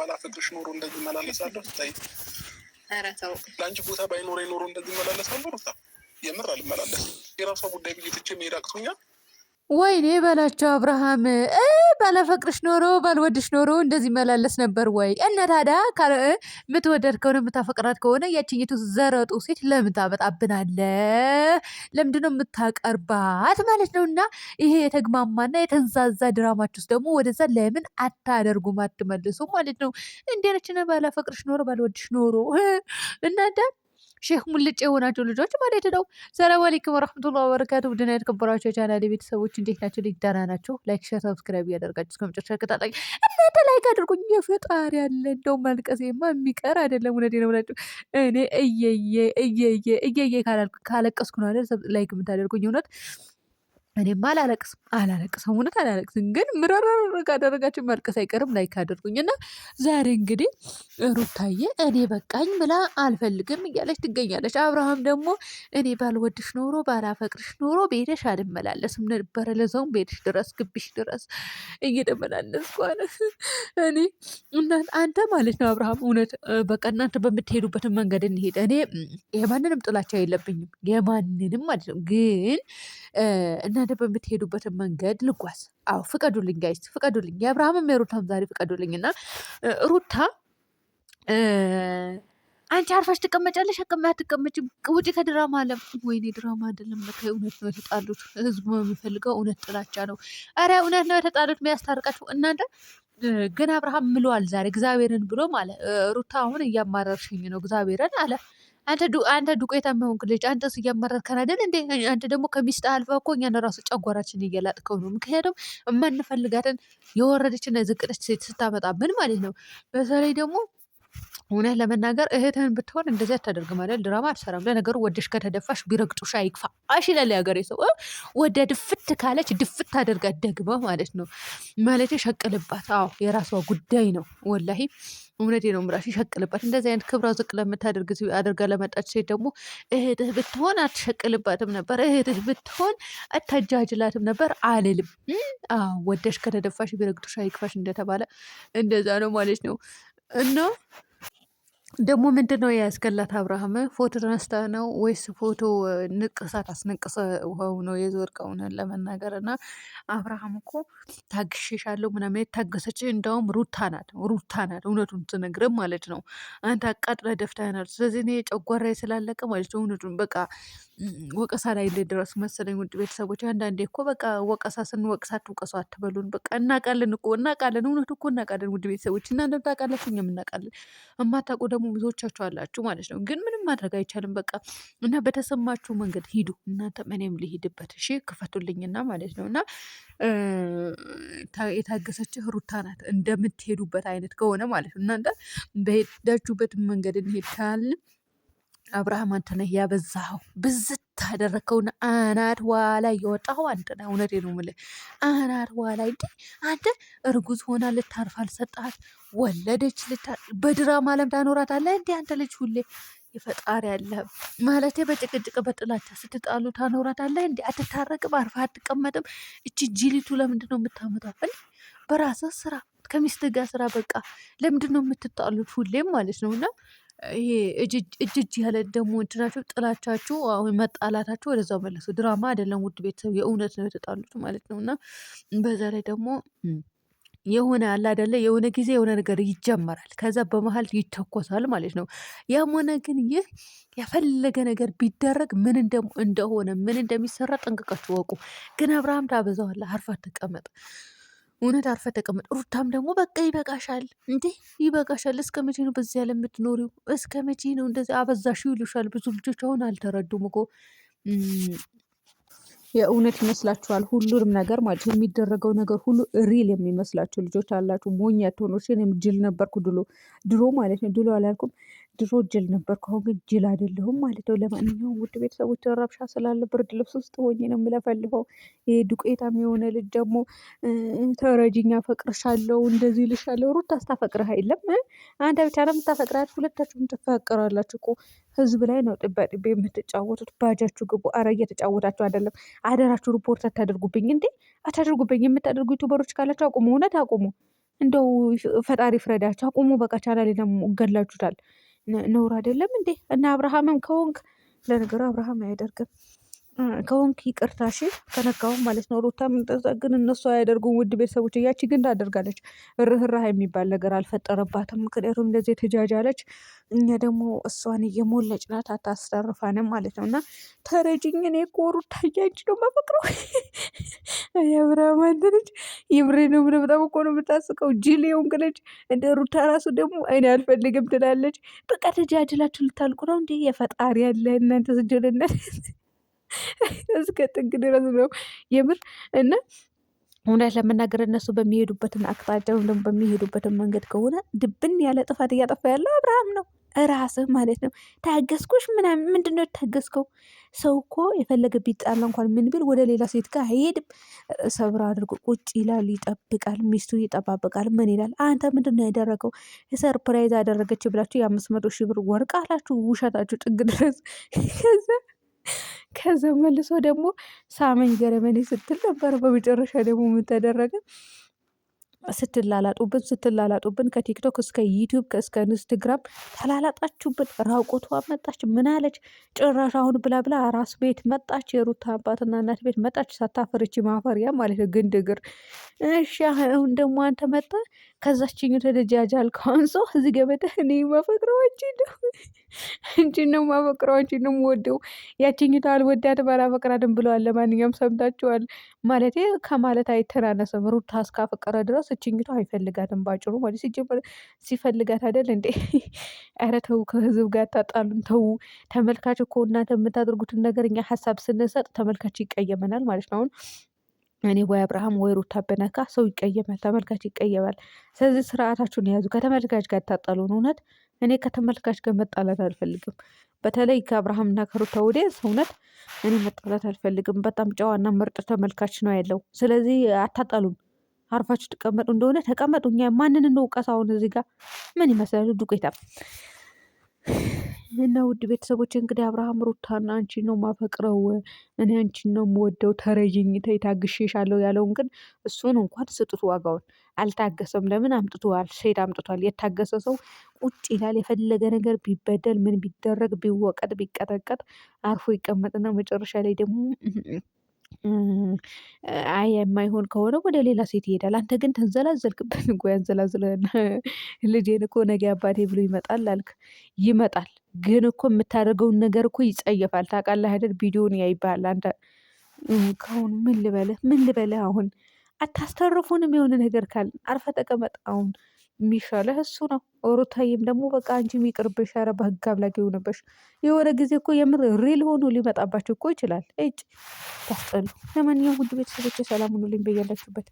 ባላፈቅርሽ ኖሮ እንደዚህ መላለሳለሁ። ስታይ ለአንቺ ቦታ ባይኖረ ኖሮ እንደዚህ መላለሳለሁ። ሩታ የምር አልመላለስ የራሷ ጉዳይ ብዬ ትቼ መሄድ አቅቶኛል። ወይኔ በላቸው አብርሃም ባላፈቅርሽ ኖሮ ባልወድሽ ኖሮ እንደዚህ መላለስ ነበር ወይ? እና ታዲያ የምትወደድ ከሆነ የምታፈቅራት ከሆነ ያችኝቱ ዘረጡ ሴት ለምን ታመጣብናለህ? ለምንድነው የምታቀርባት ማለት ነው? እና ይሄ የተግማማና የተንዛዛ ውስጥ ደግሞ ወደዛ ለምን አታደርጉም? አትመልሱ ማለት ነው። እንዴነችነ ባላፈቅርሽ ኖሮ ባልወድሽ ኖሮ እናንተ ሼክ ሙልጭ የሆናቸው ልጆች ማለት ነው። ሰላም አለይኩም ወረሕመቱላ ወበረካቱ። ቡድና የተከበራቸው የቻናል ቤተሰቦች እንዴት ናቸው? ልጅ ደህና ናቸው። ላይክ፣ ሸር፣ ሰብስክራይብ እያደርጋችሁ እስከ መጨረሻ ከታጣቂ እናንተ ላይክ አድርጉኝ። የፈጣሪ ያለ እንደው ማልቀሴማ የሚቀር አይደለም። እውነቴን ነው የምላችሁ እኔ እየየ እየየ እየየ ካለቀስኩ ነው አይደል ላይክ የምታደርጉኝ እውነት እኔም አላለቅስም አላለቅስም እውነት አላለቅስም። ግን ምረረር ካደረጋችሁ መልቀስ አይቀርም ላይክ አድርጉኝ እና ዛሬ እንግዲህ ሩታዬ እኔ በቃኝ ብላ አልፈልግም እያለች ትገኛለች። አብርሃም ደግሞ እኔ ባልወድሽ ኖሮ ባላፈቅርሽ ኖሮ ቤተሽ አልመላለስም ነበረ፣ ለዛውም ቤተሽ ድረስ ግቢሽ ድረስ እየተመላለስኩ እኔ እናንተ አንተ ማለት ነው አብርሃም እውነት በቃ እናንተ በምትሄዱበትን መንገድ እንሄድ። እኔ የማንንም ጥላቻ የለብኝም የማንንም ማለት ነው ግን እናንተ በምትሄዱበትን መንገድ ልጓዝ። አዎ ፍቀዱልኝ፣ ጋይስ ፍቀዱልኝ። የአብርሃምም የሩታም ዛሬ ፍቀዱልኝ እና ሩታ አንቺ አርፋሽ ትቀመጫለሽ፣ አቀማ አትቀመጭም፣ ውጪ ከድራማ አለም። ወይኔ ድራማ አይደለም ለካ እውነት ነው የተጣሉት። ህዝቡ የሚፈልገው እውነት ጥላቻ ነው። አረ እውነት ነው የተጣሉት። የሚያስታርቃችሁ እናንተ ግን አብርሃም ምሏል ዛሬ እግዚአብሔርን ብሎ ማለት ሩታ አሁን እያማረርሽኝ ነው እግዚአብሔርን አለ። አንተ አንተ ዱቄታ የሚሆንክ ልጅ አንተስ እያመረርከን አይደል እንዴ? አንተ ደግሞ ከሚስት አልፋ እኮ እኛን ራሱ ጨጓራችን እየላጥከው ነው። ምክንያቱም የማንፈልጋትን የወረደችና የዘቀጠች ሴት ስታመጣብን ማለት ነው። በተለይ ደግሞ እውነት ለመናገር እህትህን ብትሆን እንደዚህ አታደርግም አይደል? ድራማ አትሰራም። ለነገሩ ወደሽ ከተደፋሽ ቢረግጡሽ አይግፋሽ ይላል ያገሬ ሰው። ወደ ድፍት ካለች ድፍት አድርጋት ደግመ ማለት ነው ማለት ሸቅልባት። አዎ የራሷ ጉዳይ ነው። ወላሂ እውነቴ ነው ምራሽ ይሸቅልባት። እንደዚህ አይነት ክብራ ዝቅ ለምታደርግ አድርጋ ለመጣች ሴት ደግሞ እህትህ ብትሆን አትሸቅልባትም ነበር፣ እህትህ ብትሆን አታጃጅላትም ነበር አልልም። ወደሽ ከተደፋሽ ቢረግጡሽ አይግፋሽ እንደተባለ እንደዛ ነው ማለት ነው እና ደግሞ ምንድን ነው የያዝክላት አብርሃም? ፎቶ ተነስተ ነው ወይስ ፎቶ ንቅሳት አስነቅሰ ውኸው ነው የዞርከው? ለመናገር እና አብርሃም እኮ ታግሼሻለሁ ምናምን የታገሰች እንዳውም ሩታ ናት፣ ሩታ ናት። እውነቱን ትነግርም ማለት ነው። አንተ አቃጥለ ደፍተህናል። ስለዚህ እኔ ጨጓራ ስላለቀ ማለት ነው እውነቱን በቃ ወቀሳ ላይ እንደደረሱ መሰለኝ። ውድ ቤተሰቦች አንዳንዴ እኮ በቃ ወቀሳ ስንወቅሳ አትውቀሱ አትበሉን። በቃ እናቃለን እኮ እናቃለን፣ እውነቱ እኮ እናቃለን። ውድ ቤተሰቦች እናንተም ታውቃላችሁ፣ እኛም እናቃለን። እማታውቁ ደግሞ ብዙዎቻችሁ አላችሁ ማለት ነው። ግን ምንም ማድረግ አይቻልም በቃ እና በተሰማችሁ መንገድ ሂዱ። እናንተ እኔም ልሂድበት እሺ፣ ክፈቱልኝና ማለት ነው እና የታገሰች ሩታ ናት እንደምትሄዱበት አይነት ከሆነ ማለት ነው እናንተ በሄዳችሁበት መንገድ እንሄድ ካልን አብርሃም አንተ ነህ ያበዛኸው ብዝት ያደረግከውን አናት ዋላ እየወጣኸው አንተ ነው። እውነቴ ነው የምልህ አናት ዋላ እንዴ! አንተ እርጉዝ ሆና ልታርፍ አልሰጣት ወለደች። በድራማ ዓለም ታኖራታለህ እንዴ? አንተ ልጅ ሁሌ የፈጣሪ ያለ ማለት በጭቅጭቅ በጥላቻ ስትጣሉ ታኖራታለህ እንዴ? አትታረቅም፣ አርፋ አትቀመጥም። እቺ ጅሊቱ ለምንድን ነው የምታመጣው? በራስህ ስራ ከሚስትህ ጋር ስራ። በቃ ለምንድን ነው የምትጣሉት ሁሌም ማለት ነው እና ይሄ እጅጅ ያለ ደግሞ እንትናቸው ጥላቻችሁ አሁን መጣላታችሁ ወደዛው መለሱ። ድራማ አይደለም ውድ ቤተሰብ፣ የእውነት ነው የተጣሉት ማለት ነው። እና በዛ ላይ ደግሞ የሆነ አለ አይደለ የሆነ ጊዜ የሆነ ነገር ይጀመራል፣ ከዛ በመሀል ይተኮሳል ማለት ነው። ያም ሆነ ግን ይህ የፈለገ ነገር ቢደረግ ምን እንደሆነ ምን እንደሚሰራ ጠንቅቃችሁ ወቁ። ግን አብርሃም ታበዛዋለህ፣ አርፋ ተቀመጥ እውነት አርፈ ተቀመጥ። ሩታም ደግሞ በቃ ይበቃሻል እንዴ ይበቃሻል። እስከ መቼ ነው በዚህ ያለ የምትኖሪው? እስከ መቼ ነው እንደዚህ አበዛሽ ይሉሻል። ብዙ ልጆች አሁን አልተረዱም እኮ የእውነት ይመስላችኋል። ሁሉንም ነገር ማለት የሚደረገው ነገር ሁሉ ሪል የሚመስላቸው ልጆች አላችሁ። ሞኝ ያትሆኖችን ጅል ነበርኩ ድሎ ድሮ ማለት ነው ድሎ አላልኩም ድሮ ጅል ነበር፣ አሁን ግን ጅል አይደለሁም ማለት ነው። ለማንኛውም ውድ ቤተሰቦች ረብሻ ስላለ ብርድ ልብስ ውስጥ ሆኜ ነው የምለፈልፈው። ይሄ ዱቄታም የሆነ ልጅ ደግሞ ተረጅኛ ፈቅርሻለው፣ እንደዚህ ልሻለው። ሩት ታስታፈቅርህ አይለም አንተ ብቻ ነው የምታፈቅራት፣ ሁለታችሁም ትፈቅራላችሁ እኮ። ህዝብ ላይ ነው ጥባ ጥቤ የምትጫወቱት። ባጃችሁ ግቡ። አረ እየተጫወታችሁ አይደለም። አደራችሁ ሪፖርት አታደርጉብኝ እንዴ! አታደርጉብኝ። የምታደርጉ ዩቱበሮች ካላችሁ አቁሙ፣ እውነት አቁሙ። እንደው ፈጣሪ ፍረዳችሁ። አቁሙ። በቃ ቻናሌን ገላችሁታል። ነውር አይደለም እንዴ? እና አብርሃምም ከሆንክ ለነገሩ አብርሃም አያደርግም። ከሆንክ ይቅርታ እሺ ከነካሁም ማለት ነው። ሩታም እንደዛ ግን እነሱ አያደርጉም። ውድ ቤተሰቦች እያቺ ግን ታደርጋለች። ርህራህ የሚባል ነገር አልፈጠረባትም። ምክንያቱም እንደዚህ የተጃጃለች እኛ ደግሞ እሷን እየሞለጭ ናት፣ አታስተርፋንም ማለት ነው። እና ተረጅኝ እኔ እኮ ሩታ እያንቺ ነው የማፈቅረው የብረማንት ልጅ ይብሬ ነው ብለ በጣም እኮ ነው የምታስቀው። ጅል የሆንክ እንደ ሩታ ራሱ ደግሞ እኔ አልፈልግም ትላለች። በቃ ተጃጅላችሁ ልታልቁ ነው እንዲህ የፈጣሪ ያለ እናንተ ስጅልነት እስከ ጥግ ድረስ ነው የምር እና እውነት ለመናገር እነሱ በሚሄዱበትን አቅጣጫ ወይም ደግሞ በሚሄዱበትን መንገድ ከሆነ ድብን ያለ ጥፋት እያጠፋ ያለው አብርሃም ነው ራስህ ማለት ነው። ታገስኩሽ ምናምን ምንድን ነው የታገስከው? ሰው እኮ የፈለገ ቢጣላ እንኳን ምን ቢል ወደ ሌላ ሴት ጋር አይሄድም። ሰብር አድርጎ ቁጭ ይላል፣ ይጠብቃል፣ ሚስቱ ይጠባበቃል። ምን ይላል? አንተ ምንድን ነው ያደረገው? ሰርፕራይዝ አደረገች ብላችሁ የአምስት መቶ ሺህ ብር ወርቅ አላችሁ። ውሸታችሁ ጥግ ድረስ ከዛ ከዛ መልሶ ደግሞ ሳመኝ ገረመኔ ስትል ነበር። በመጨረሻ ደግሞ ምን ተደረገ? ስትላላጡብን ስትላላጡብን ከቲክቶክ እስከ ዩቲዩብ እስከ ኢንስትግራም ተላላጣችሁብን። ራቁቷ መጣች ምናለች ጭራሽ አሁን ብላ ብላ ራስ ቤት መጣች። የሩታ አባትና እናት ቤት መጣች። ሳታፈርች ማፈሪያ ማለት ነው። ግንድ እግር እሺ። አሁን ደግሞ አንተ መጣ ከዛችኝ ተደጃጃል ከአንሶ እዚህ ገበተ እኔ ማፈቅረዋች ነው እንጂ ነው ማፈቅረው አንቺ ነው ወደው ያችኝቱ አልወዳት ባላፈቅራድን ብለዋል። ለማንኛውም ሰምታችኋል። ማለቴ ከማለት አይተናነሰም። ሩታ እስካፈቀረ ድረስ ችኝቶ አይፈልጋትም ባጭሩ ማለት ሲፈልጋት አይደል እንዴ? ኧረ ተው፣ ከህዝብ ጋር ታጣሉን ተው። ተመልካች እኮ እናንተ የምታደርጉትን ነገር እኛ ሀሳብ ስንሰጥ ተመልካች ይቀየመናል ማለት ነው እኔ ወይ አብርሃም ወይ ሩታ በነካ ሰው ይቀየማል፣ ተመልካች ይቀየማል። ስለዚህ ስርዓታችሁን የያዙ ከተመልካች ጋር ታጣሉን። እውነት እኔ ከተመልካች ጋር መጣላት አልፈልግም። በተለይ ከአብርሃምና ከሩታ ወደ እውነት እኔ መጣላት አልፈልግም። በጣም ጨዋና ምርጥ ተመልካች ነው ያለው። ስለዚህ አታጣሉም። አርፋችሁ ትቀመጡ እንደሆነ ተቀመጡ። እኛ ማንን እንውቀስ? አሁን እዚህ ጋር ምን ይመስላል ዱቄታ እና ውድ ቤተሰቦች እንግዲህ አብርሃም ሩታና አንቺን ነው ማፈቅረው፣ እኔ አንቺን ነው የምወደው፣ ተረጅኝ ተይ ያለውን ግን እሱን እንኳን ስጡት ዋጋውን። አልታገሰም። ለምን አምጥቷል? ሴት አምጥቷል። የታገሰ ሰው ቁጭ ይላል። የፈለገ ነገር ቢበደል፣ ምን ቢደረግ፣ ቢወቀጥ፣ ቢቀጠቀጥ አርፎ ይቀመጥና መጨረሻ ላይ ደግሞ አይ የማይሆን ከሆነ ወደ ሌላ ሴት ይሄዳል። አንተ ግን ተንዘላዘልክበት እኮ ያንዘላዝለ ልጄን እኮ ነገ አባቴ ብሎ ይመጣል አልክ። ይመጣል ግን እኮ የምታደርገውን ነገር እኮ ይጸየፋል። ታውቃለህ አይደል? ቪዲዮን ያይብሃል። አንተ ከአሁኑ ምን ልበልህ ምን ልበልህ አሁን አታስተርፉንም? የሆነ ነገር ካለ አርፈ ተቀመጥ አሁን የሚሻለህ እሱ ነው። ሩታዬም ደግሞ በቃ አንቺ የሚቅርብሽ፣ ኧረ በህግ አምላክ ይሁንብሽ። የሆነ ጊዜ እኮ የምር ሪል ሆኖ ሊመጣባቸው እኮ ይችላል። እጭ ታስጠሉ። ለማንኛውም ውድ ቤተሰቦች ሰላም ሁኑልኝ በያላችሁበት።